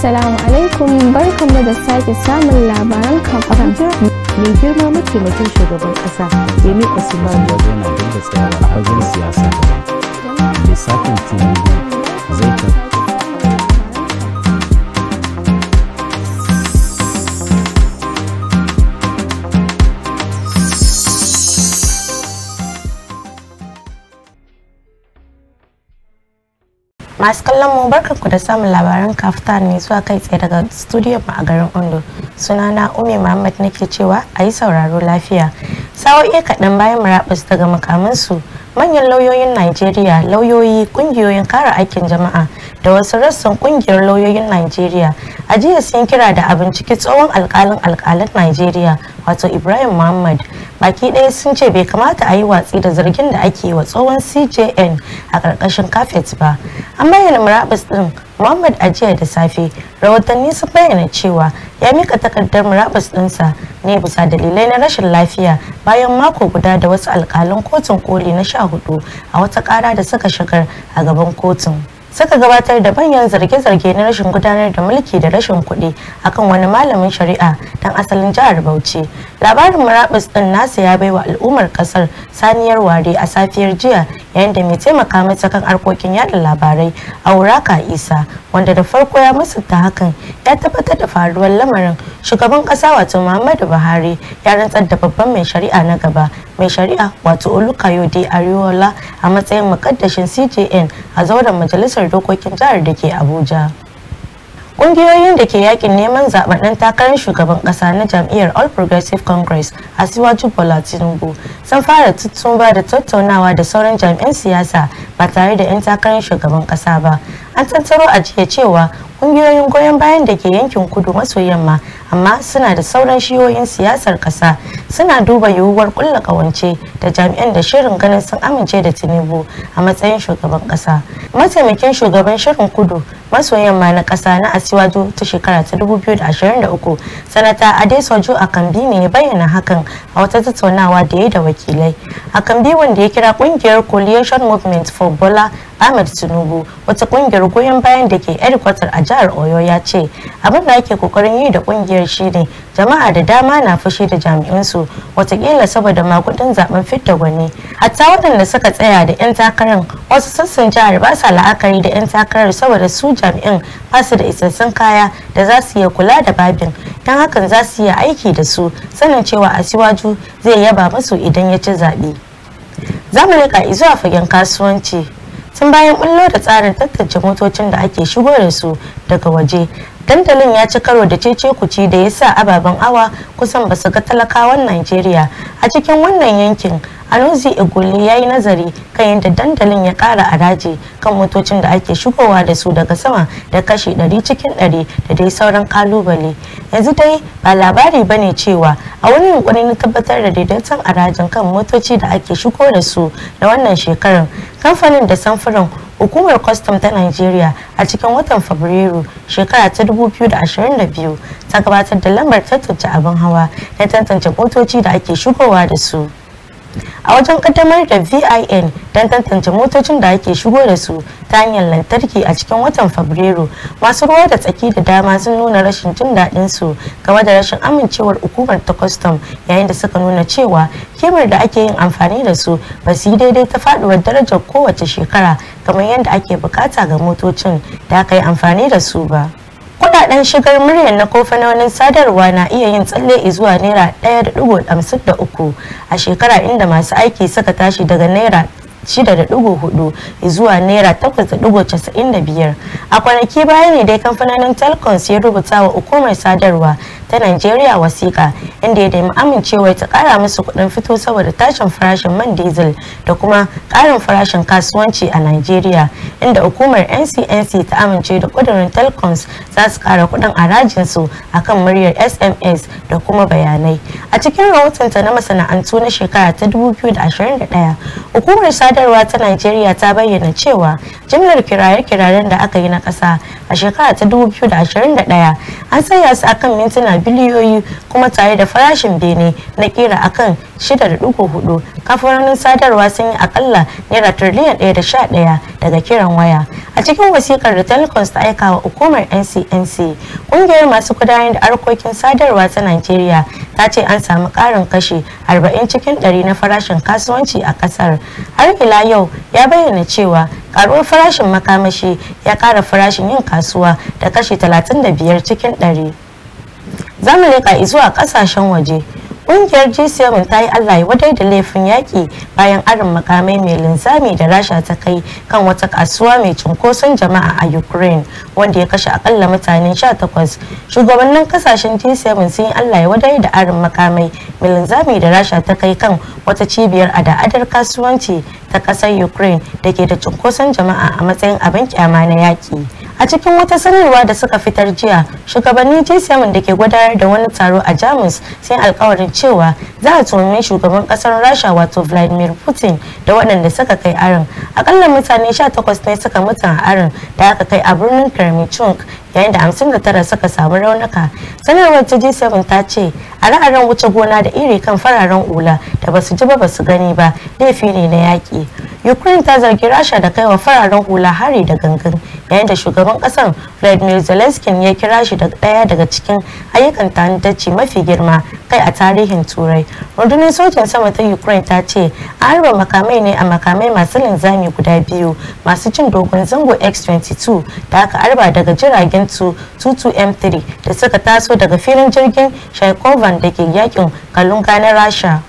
Assalamu alaikum barkanmu da sake samun labaran kafaran. mai girma mataimakin shugaban kasa Yemi Osinbajo. Wajen na da tsayawa a fagen siyasa da Lissafin Tinubu masu kallon mu ku da samun labaran kafta ne zuwa kai tsaye daga studio mu a garin ondo sunana ume muhammad nake cewa a yi sauraro lafiya sa'o'i kaɗan bayan murabus daga makamansu manyan lauyoyin najeriya lauyoyi ƙungiyoyin kare aikin jama'a da wasu rassan kungiyar lauyoyin Najeriya a jiya sun kira da abinciki tsohon alkalin alkalin Najeriya wato Ibrahim Muhammad baki ɗaya sun ce bai kamata a yi watsi da zargin da ake wa tsohon CJN a ƙarƙashin kafet ba an bayyana murabus ɗin Muhammad a jiya da safe rahotanni sun bayyana cewa ya mika takardar murabus ɗinsa ne bisa dalilai na rashin lafiya bayan mako guda da wasu alkalin kotun koli na sha hudu a wata ƙara da suka shigar a gaban kotun. suka gabatar da manyan zarge-zarge na rashin gudanar da mulki da rashin kuɗi akan wani malamin shari'a dan asalin jihar Bauchi labarin murabus din nasa ya baiwa al'ummar kasar saniyar ware a safiyar jiya yayin da mai taimaka masa kan harkokin yada labarai auraka isa wanda da farko ya musunta hakan ya tabbatar da faruwar lamarin shugaban kasa wato muhammadu buhari ya rantsar da babban mai shari'a na gaba mai shari'a wato olukayode ariola a matsayin mukaddashin cjn a zauren majalisar dokokin jihar da ke abuja ƙungiyoyin da ke yakin neman zaɓen ɗan takarar shugaban ƙasa na jam'iyyar all progressive congress a siwaju bola tinubu sun fara tuttumba da tattaunawa da sauran jami'an siyasa ba tare da 'yan takarar shugaban ƙasa ba an tattaro a jiya cewa ƙungiyoyin goyon bayan da ke yankin kudu maso yamma amma suna da sauran shiyoyin siyasar kasa suna duba yiwuwar kulla kawance da jami'an da shirin ganin sun amince da tinubu a matsayin shugaban kasa mataimakin shugaban shirin kudu maso yamma na kasa na asiwaju ta shekara ta 2023 sanata adesoju akambi ne ya bayyana hakan a wata tattaunawa da ya da wakilai akambi wanda ya kira kungiyar coalition movement for bola ahmed tinubu wata kungiyar goyon bayan da ke headquarter a jihar oyo ya ce abin da ake kokarin yi da kungiyar shine jama'a da dama na fushi da jami'ansu watakila saboda makudin zaben fitta gwani hatta waɗanda suka tsaya da 'yan takarar wasu sassan jihar ba sa la'akari da 'yan takarar saboda su jami'an ba su da isassun kaya da za su iya kula da babin dan hakan za su iya aiki da su sanin cewa a asiwaju zai yaba musu idan ya ci zaɓe. Zamu leƙa izuwa fagen kasuwanci tun bayan bullo da tsarin tattace motocin da ake shigo da su daga waje dandalin ya ci karo da cece kuci da ya sa ababen awa kusan basu ga talakawan najeriya a cikin wannan yankin Alonzi Iguli ya yi nazari kan yadda dandalin ya ƙara araje kan motocin da ake shigowa da su daga sama da kashi 100 cikin 100 da dai sauran kalubale. Yanzu dai ba labari bane cewa a wani yunkuri na tabbatar da daidaiton arajin kan motoci da ake shigo da su da wannan shekarar kamfanin da samfuran hukumar kwastam ta Najeriya a cikin watan Fabrairu shekara ta 2022 ta gabatar da lambar tantance abin hawa na tantance motoci da ake shigowa da su. a wajen kaddamar da vin don tantance motocin da ake shigo da su ta hanyar lantarki a cikin watan fabrairu masu ruwa da tsaki da dama sun nuna rashin jin daɗin su game da rashin amincewar hukumar ta kwastam yayin da suka nuna cewa kimar da ake yin amfani da su ba su yi daidai ta faduwar darajar kowace shekara kamar yadda ake bukata ga motocin da aka yi amfani da su ba kudaden shigar muryar na kofanonin sadarwa na iya yin tsalle zuwa naira 1.53 a shekara inda masu aiki suka tashi daga naira 6.4 zuwa naira 8.95 a kwanaki baya ne dai kamfanonin telkom ya rubuta wa hukumar sadarwa ta Najeriya wasiƙa inda ya daimi amincewa ta ƙara musu kuɗin fito saboda tashin farashin man diesel da kuma ƙarin farashin kasuwanci a Najeriya inda hukumar NCNC ta amince da ƙudurin telkom za su ƙara kuɗin harajin a kan muryar SMS da kuma bayanai. A cikin rahotonta na masana'antu na shekara ta 2021, hukumar sadarwa ta Najeriya ta bayyana cewa jimlar kiraye-kiraren da aka yi na ƙasa a shekara ta 2021 an sanya su akan mintuna biliyoyi kuma tare da farashin bene na kira akan 6.4 kamfanonin sadarwa sun yi akalla naira tiriliyan 1.11 daga kiran waya a cikin wasikar da telecoms ta aika wa hukumar ncnc kungiyar masu kudayen da harkokin sadarwa ta nigeria ta ce an samu karin kashe 40 cikin 100 na farashin kasuwanci a kasar har ila yau ya bayyana cewa karuwar farashin makamashi ya kara farashin yin kasuwa da kashi 35 cikin 100 zamu leka izuwa kasashen waje Ƙungiyar G7 ta yi Allah ya wadai da laifin yaƙi bayan arin makamai mai linzami da Rasha ta kai kan wata kasuwa mai cunkoson jama'a a Ukraine wanda ya kashe akalla mutane 18. Shugabannin kasashen G7 sun yi Allah ya wadai da arin makamai mai linzami da Rasha ta kai kan wata cibiyar adadar kasuwanci ta ƙasar Ukraine da ke da cunkoson jama'a a matsayin abin kyama na yaƙi. a cikin wata sanarwa da suka fitar jiya shugabannin g7 da ke gudanar da wani taro a jamus sun alkawarin cewa za a tuhume shugaban kasar rasha wato vladimir putin da waɗanda suka kai arin akalla mutane 18 ne suka mutu a arin da aka kai a birnin kremichuk yayin da hamsin da tara suka samu raunuka sanarwar ta g7 ta ce a ra'arin wuce gona da iri kan fararen ula da basu ji ba basu gani ba laifi ne na yaƙi ukraine ta zargi rasha da kaiwa fararen hula hari da gangan yayin da shugaban kasar vladimir zelenskin ya kira shi da ɗaya daga cikin ayyukan ta'addanci mafi girma kai a tarihin turai rundunar sojan sama ta ukraine ta ce an harba makamai ne a makamai masu linzami guda biyu masu cin dogon zango x-22 da aka harba daga jiragen 22m3 da suka taso daga filin jirgin shaikovan da ke yakin kalunga na rasha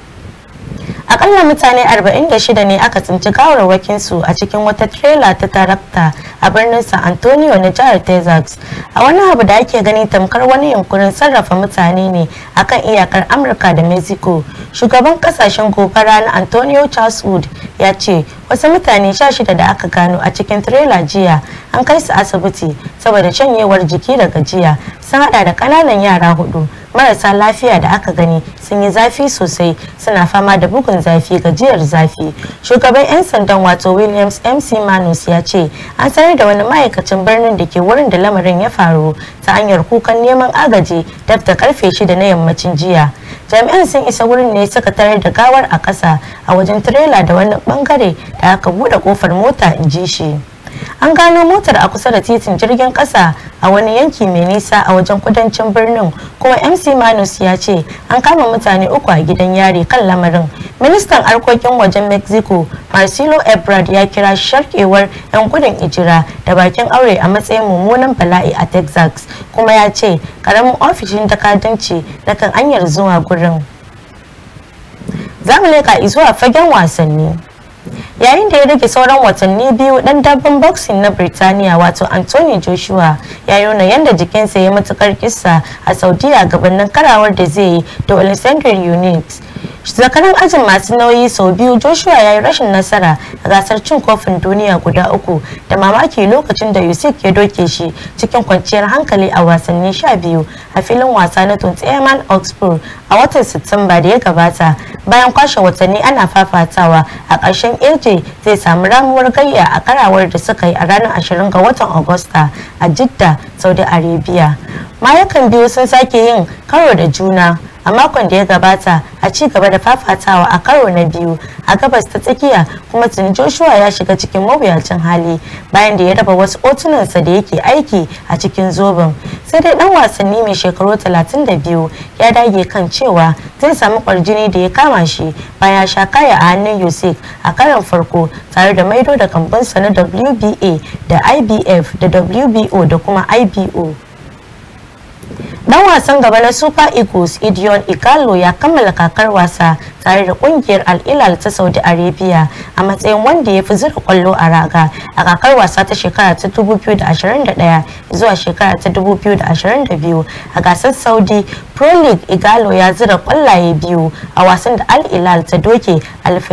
akalla mutane 46 ne aka tsinci gawarwakin su a cikin wata trela ta tarakta a birnin San Antonio na jihar Texas a wani abu da ake gani tamkar wani yunkurin sarrafa mutane ne akan iyakar Amurka da Mexico shugaban kasashen gobara na Antonio Charles Wood ya ce wasu mutane 16 da aka gano a cikin trela jiya an kai su asibiti saboda shanyewar jiki da jiya sun hada da kananan yara hudu marasa lafiya da aka gani sun yi zafi sosai suna fama da bugun zafi gajiyar zafi shugaban 'yan sandan wato williams mc manus ya ce an sanar da wani ma'aikacin birnin da ke wurin da lamarin ya faru ta hanyar kukan neman agaji dab karfe shida na yammacin jiya jami'an sun isa wurin ne suka tarar da gawar a ƙasa a wajen tirela da wani bangare da aka buɗe kofar mota in ji shi an gano motar a kusa da titin jirgin ƙasa. a wani yanki mai nisa a wajen kudancin birnin kuma mc manus ya ce an kama mutane uku a gidan yari kan lamarin ministan harkokin wajen mexico marcelo ebrard ya kira sharkewar 'yan gudun ijira da bakin aure a matsayin mummunan bala'i a texas kuma ya ce karamin ofishin takadanci da kan anyar zuwa gurin zamu leka izuwa fagen wasanni yayin da ya rage sauran watanni biyu dan dabban boxing na birtaniya wato anthony joshua ya nuna yanda jikinsa ya matukar kisa a saudiya gabanin karawar da zai yi da alexander unix zakaran ajin masu nauyi sau biyu joshua ya yi rashin nasara a gasar cin kofin duniya guda uku da mamaki lokacin da yusuf ya doke shi cikin kwanciyar hankali a wasanni sha biyu a filin wasa na Tottenham oxford a watan satumba da ya gabata bayan kwashe watanni ana fafatawa a ƙarshen aj zai samu ramuwar gayya a karawar da suka yi a ranar ashirin ga watan agusta a jidda saudi arabia mayakan biyu sun sake yin karo da juna a makon da ya gabata a ci gaba da fafatawa a karo na biyu a gabas ta tsakiya kuma tun joshua ya shiga cikin mawuyacin hali bayan da ya raba wasu otunansa da yake aiki a cikin zoben. sai dai dan wasanni mai shekaru 32 ya dage kan cewa zai samu kwarjini da ya kama shi bayan sha kaya a hannun yusuf a karon farko tare da maido da kambunsa na wba da ibf da wbo da kuma ibo Dan wasan gaba na Super Eagles Idion Ikalo ya kammala kakar wasa tare da kungiyar al'ilal ta Saudi Arabia a matsayin wanda ya fi zura kwallo a raga a kakar wasa ta shekara ta 2021 zuwa shekara ta 2022 a gasar Saudi Pro League Igalo ya zira kwallaye biyu a wasan da al'ilal ta doke Al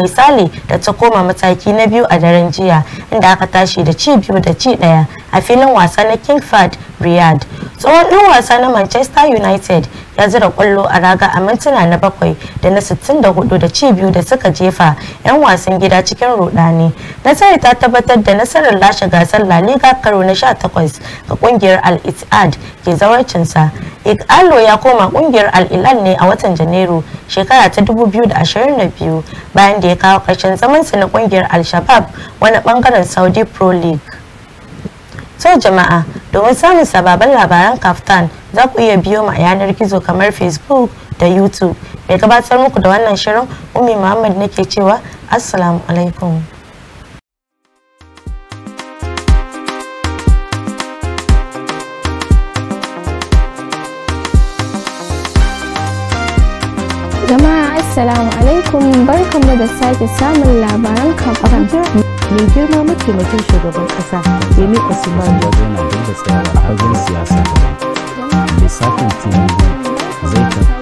da ta koma mataki na biyu a daren jiya inda aka tashi da ci biyu da ci daya a filin wasa na King Fahd Riyadh tsohon ɗan wasa na manchester united ya zira kwallo a raga a mintuna na bakwai da na 64 da ci biyu da suka jefa 'yan wasan gida cikin rudani nasarar ta tabbatar da nasarar lashe gasar la liga karo na 18 ga kungiyar al ittihad ke zawarcinsa ikalo ya koma kungiyar al hilal ne a watan janairu shekara ta 2022 bayan da ya kawo ƙarshen zamansa na kungiyar al shabab wani bangaren saudi pro league so jama'a Domin samun sababbin labaran Kaftan za ku iya biyo ma a yanar gizo kamar Facebook da YouTube. Mai gabatar muku da wannan shirin Ummi Muhammad nake cewa Assalamu alaikum. Jama'a Assalamu alaikum barkanmu da sake samun labaran kamfanin. mai girma mataimakin shugaban kasa yemi osinbajo yana da tsayawa a fagen siyasa lissafin tinubu zai tafi